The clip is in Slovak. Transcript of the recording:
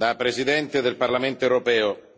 da presidente del parlamento europeo